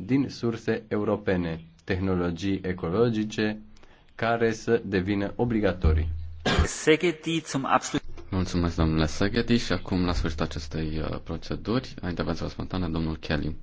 din surse europene, tehnologii ecologice care să devină obligatorii. Mulțumesc, domnule Segheti, și acum, la sfârșitul acestei uh, proceduri, a intervenției spontană, domnul Kelly.